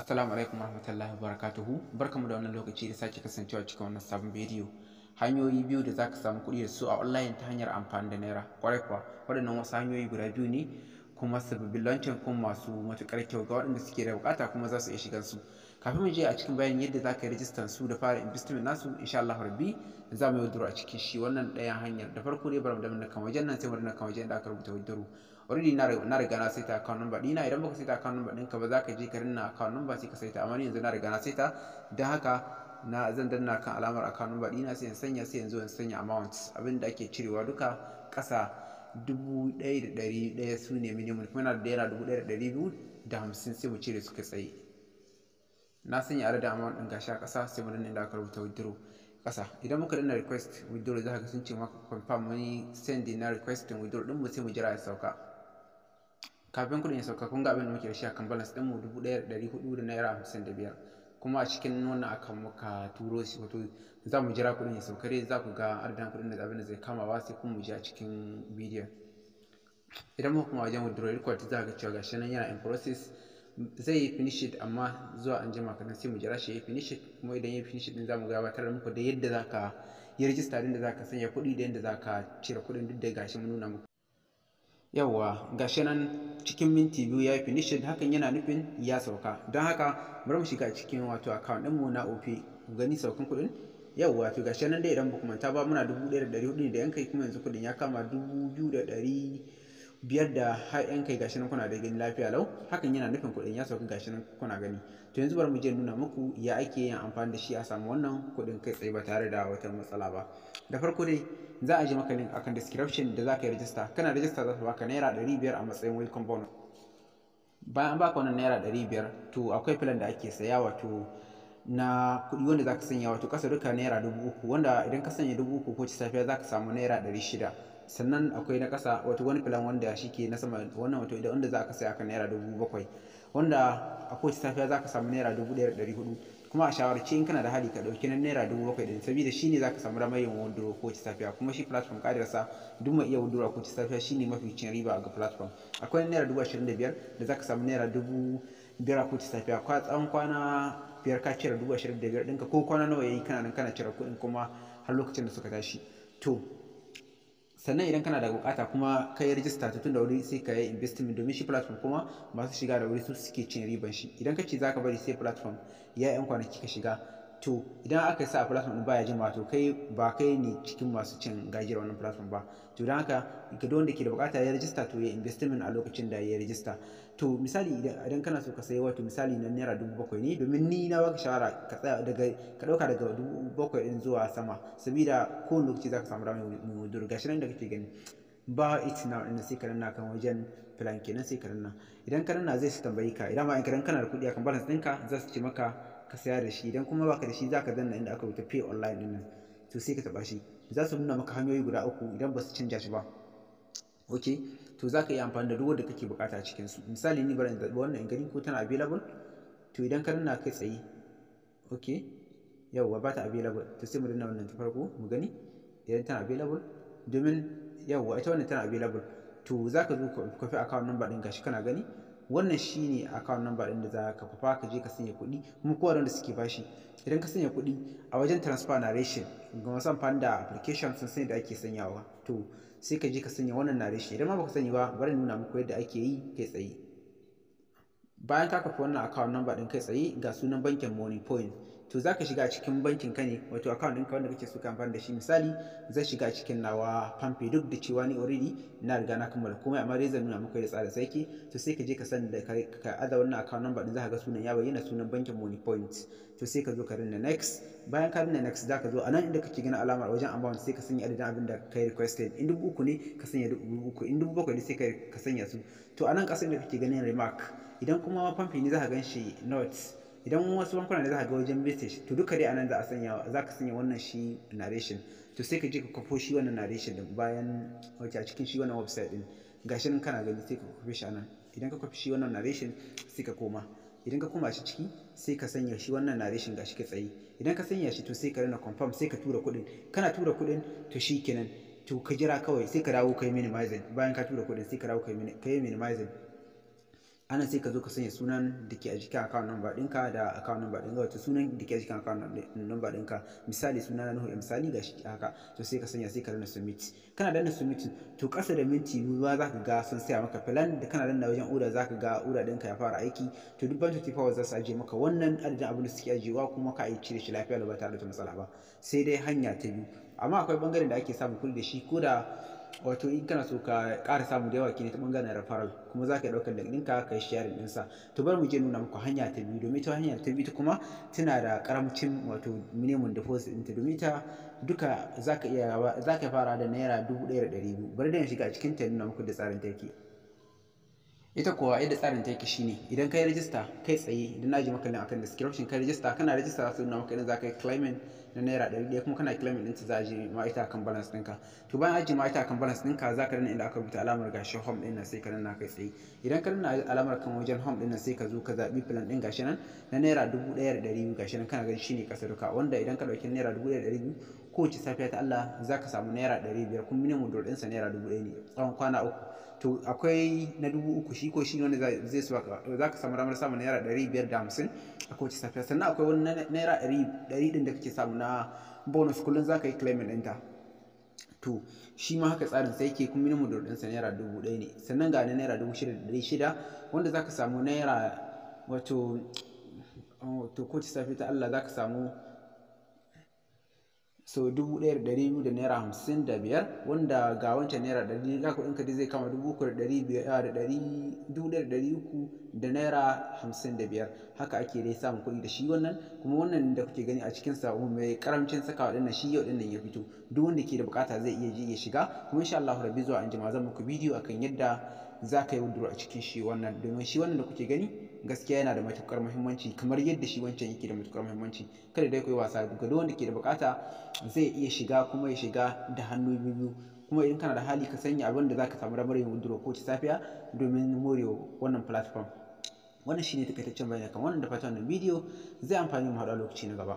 Assalamu alaikum warahmatullahi wabarakatuh. barkamu da wannan lokaci da sake kasancewa cikin wannan sabon bidiyo hanyoyi biyu da zaka samu kuɗi da su a online ta hanyar amfani da naira kwarai kuwa waɗannan wasu hanyoyi guda biyu ne kuma sababbin launching kuma masu matuƙar kyau ga waɗanda suke da buƙata kuma za su iya shigan su kafin mu je a cikin bayanin yadda za ka yi rijistan su da fara investment nasu insha Allah rabbi za mu yi a cikin shi wannan ɗayan hanyar da farko dai bar mu da kan wajen nan sai mu danna kan wajen da aka rubuta withdraw already na riga na saita account number dina idan baka saita account number ɗinka ba za ka je ka rinna account number sai ka saita amma yanzu na riga na saita dan haka na zan danna kan alamar account number dina sai in sanya sai yanzu in sanya amount abin da ake cirewa duka ƙasa dubu ɗaya da ɗari ɗaya su ne minimum kuma na da yana dubu ɗaya da ɗari biyu da hamsin sai mu cire su kai tsaye na sanya adadin amount ɗin gashi a ƙasa sai mu danna inda aka rubuta withdraw ƙasa idan muka danna request withdraw za ka sun ce maka confirm wani send na request withdraw ɗin mu sai mu jira ya sauka kafin kuɗin ya sauka kun ga abin da muke da shi kan balance ɗinmu mu dubu ɗaya da ɗari hudu da naira hamsin da biyar kuma a cikin wannan akan muka turo shi wato za mu jira kuɗin ya sauka dai za ku ga adadin kuɗin da abin da zai ba sai kuma mu ji a cikin bidiyon idan muka kuma wajen withdrawal record za ga cewa gashi nan yana in process zai yi finish amma zuwa an jima kadan sai mu jira shi ya finish it kuma idan ya yi finish it din zamu gabatar muku da yadda za ka yi register din da ka sanya kuɗi da yadda za ka cire kuɗin duk da gashi mun nuna muku yawwa gashi nan cikin minti biyu ya yi finishing hakan yana nufin ya sauka don haka bari mu shiga cikin wato account ɗinmu na op gani saukan kuɗin yawwa to gashi nan dai idan ba kuma ta ba muna dubu ɗaya da ɗari hudu da yanka kuma yanzu kuɗin ya kama dubu biyu da ɗari biyar da har yan kai gashi nan kuna da gani lafiya lau hakan yana nufin kuɗin ya sauka gashi nan kuna gani to yanzu bari mu je nuna muku ya ake yin amfani da shi a samu wannan kuɗin kai tsaye ba tare da wata matsala ba da farko dai za a je maka link akan description da za ka yi rajista kana rajista za ta baka naira ɗari biyar a matsayin welcome bonus bayan an baka wannan naira ɗari biyar to akwai filan da ake saya wato na kuɗi wanda za ka sanya wato kasa duka naira dubu uku wanda idan ka sanya dubu uku ko ci safiya za ka samu naira ɗari shida sannan akwai na ƙasa wato wani filan wanda shi ke na sama wannan wato idan wanda za ka saya ka naira dubu bakwai wanda a kowace safiya za ka samu naira dubu ɗaya da ɗari hudu kuma a shawarce in kana da hali ka ɗauki na naira dubu bakwai ɗin saboda shi ne za ka samu ramar yin a kowace safiya kuma shi platform sa duk mai iya wardrobe a kowace safiya shi ne mafi cin riba ga platform akwai naira dubu ashirin da biyar da za ka samu naira dubu biyar a kowace safiya kwa tsawon kwana biyar ka cire dubu ashirin da biyar ɗinka ko kwana nawa yayi kana nan kana cire kuɗin kuma har lokacin da suka tashi to sannan idan kana da bukata kuma ka yi rijista ta tun da wuri sai ka yi investment domin shi platform kuma masu shiga da wuri su suke cin riban shi idan ka ce za ka bari sai platform ya yan kwanaki ka shiga to idan aka sa a platform ɗin baya jin to kai ba kai ne cikin masu cin gajiyar wannan platform ba to don haka ga duk wanda ke da bukata ya rijista to ya investment a lokacin da ya rijista to misali idan kana so ka sayi wato misali na naira dubu bakwai ne domin ni na baka shawara ka tsaya daga ka dauka daga dubu bakwai in zuwa sama ko kowane lokaci za ka samu rami mai durga gashi nan da kake gani ba it now din sai ka na kan wajen plan kenan sai ka na idan ka na zai su tambayi ka idan ma in ka kana da kuɗi akan balance ɗinka za su ce maka ka saya da shi idan kuma baka da shi zaka danna inda aka rubuta pay online din nan to sai ka taba shi za su nuna maka hanyoyi guda uku idan ba su canja shi ba okay to za ka yi amfani da duk wanda kake bukata a cikin su misali ni bari in zaɓi wannan in gani ko tana available to idan ka nuna kai tsaye okay yawwa ba ta available to sai mu danna wannan ta farko mu gani idan tana available domin yawwa ita wannan tana available to za ka zo ka kwafi account number ɗin gashi kana gani wannan shi ne account number ɗin da za ka fafa ka je ka sanya kuɗi kuma kowa wanda suke bashi idan ka sanya kuɗi a wajen transfer narration ga masu amfani da application sun san da ake sanyawa to sai ka je ka sanya wannan narration idan ma baka sani ba bari nuna muku yadda ake yi kai tsaye bayan ka kafa wannan account number ɗin kai tsaye ga sunan bankin money point to za ka shiga cikin bankin ka ne wato account ɗinka wanda kake so ka amfani da shi misali zai shiga cikin nawa pampe duk da cewa ni already na riga na kammala komai amma dai zan nuna muku da tsarin sarki to sai ka je ka san da ka aza wannan account number ɗin za ka ga sunan ya bayyana sunan bankin money point to sai ka zo ka rinna next bayan ka rinna next za ka zo a nan inda kake gina alamar wajen amount sai ka sanya adadin abin da kai requested in dubu uku ne ka sanya dubu uku in dubu bakwai ne sai ka sanya su to a nan ƙasar da kake ganin remark idan kuma pampe ne za ka gan shi notes idan wasu bankuna da za ka ga wajen message to duka dai anan za a sanya za ka sanya wannan shi narration to sai ka je ka kwafo shi wannan narration din bayan wace a cikin shi wannan website din gashi nan kana gani sai ka kwafi shi anan idan ka kwafi shi wannan narration sai ka koma idan ka koma shi ciki sai ka sanya shi wannan narration gashi ka tsaye idan ka sanya shi to sai ka rena confirm sai ka tura kuɗin kana tura kuɗin to shi kenan to ka jira kawai sai ka dawo kai minimizing bayan ka tura kuɗin sai ka dawo kai minimizing ana sai ka zo ka sanya sunan da ke a jikin account number ɗinka da account number ɗinka wato sunan da ke a jikin account number ɗinka misali suna na nuhu eh, misali ga shi haka to sai ka sanya sai ka danna submit kana danna submit to ƙasa da minti ruwa za ka ga sun saya maka filan da kana danna wajen oda za ka ga ura ɗinka ya fara aiki to duk ban 24 hours za su ajiye maka wannan adadin abin da suke wa kuma ka yi cire shi lafiya ba tare da matsala ba sai dai hanya ta biyu amma akwai bangaren da ake samun kul da shi ko da wato in kana so ka ƙara samu da yawa kenan ta bangaren referral kuma za ka ɗaukar link ɗinka ka yi sharing ɗinsa to bari mu je nuna muku hanya ta biyu domin ta hanya ta biyu kuma tana da ƙaramcin wato minimum deposit ɗinta domin ta duka za ka iya fara da naira dubu ɗaya da ɗari biyu bari da shiga a cikin ta nuna muku da tsarin taki. ita kuwa yadda tsarin take shi shine idan kai rajista kai tsaye idan naji maka link akan description kai rajista kana rajista sai nuna maka idan za ka yi claiming na naira ɗari ɗaya kuma kana claiming ɗinta za a je ma ita akan balance ɗinka to bayan aji ma ita akan balance ɗinka za ka danna inda aka rubuta alamar gashi home ɗin nan sai ka danna kai tsaye idan ka danna alamar kan wajen home ɗin nan sai ka zo ka zaɓi plan ɗin gashi nan na naira dubu ɗaya da ɗari biyu gashi nan kana ganin shine ka duka wanda idan ka ɗauki naira dubu ɗaya da ɗari biyu kowace safiya ta Allah za ka samu naira ɗari biyar kuma minimum dole ɗinsa naira dubu ɗaya ne tsawon kwana uku to akwai na dubu uku shi ko shi ne wanda zai su za ka samu ramar samun naira ɗari biyar da hamsin a kowace safiya sannan akwai wani naira ɗari ɗin da kake samu na bonus kullum za ka yi claiming ɗinta to shi ma haka tsarin sai ke kuma minimum dole ɗinsa naira dubu ɗaya ne sannan ga na naira dubu shida da ɗari shida wanda za ka samu naira wato oh, to kowace safiya ta Allah za ka samu so dubu ɗaya da ɗari biyu da naira hamsin da biyar wanda ga wancan naira ɗari za ku ɗinka zai kama dubu uku da ɗari biyar ah, da ɗari dubu ɗaya da ɗari uku da naira hamsin da biyar haka ake dai samun kuɗi da shi wannan kuma wannan da kuke gani a cikin sa um, mai karamcin sakawa ɗinnan shi yau ɗinnan ya fito duk wanda ke da bukata zai iya je ya shiga kuma insha Allah rabbi zuwa anjima zan muku bidiyo akan yadda za ka yi wuduro a cikin shi wannan domin shi wannan da kuke gani gaskiya yana da matukar muhimmanci kamar yadda shi wancan yake da matukar muhimmanci kada dai ku yi wasa ga duk wanda ke da bukata zai iya shiga kuma ya shiga da hannu biyu kuma idan kana da hali ka sanya abin da zaka samu damar yin wuduru ko ta safiya domin more wannan platform wannan shine takaitaccen bayani kan wannan da fatan wannan bidiyo zai amfani mu har lokaci na gaba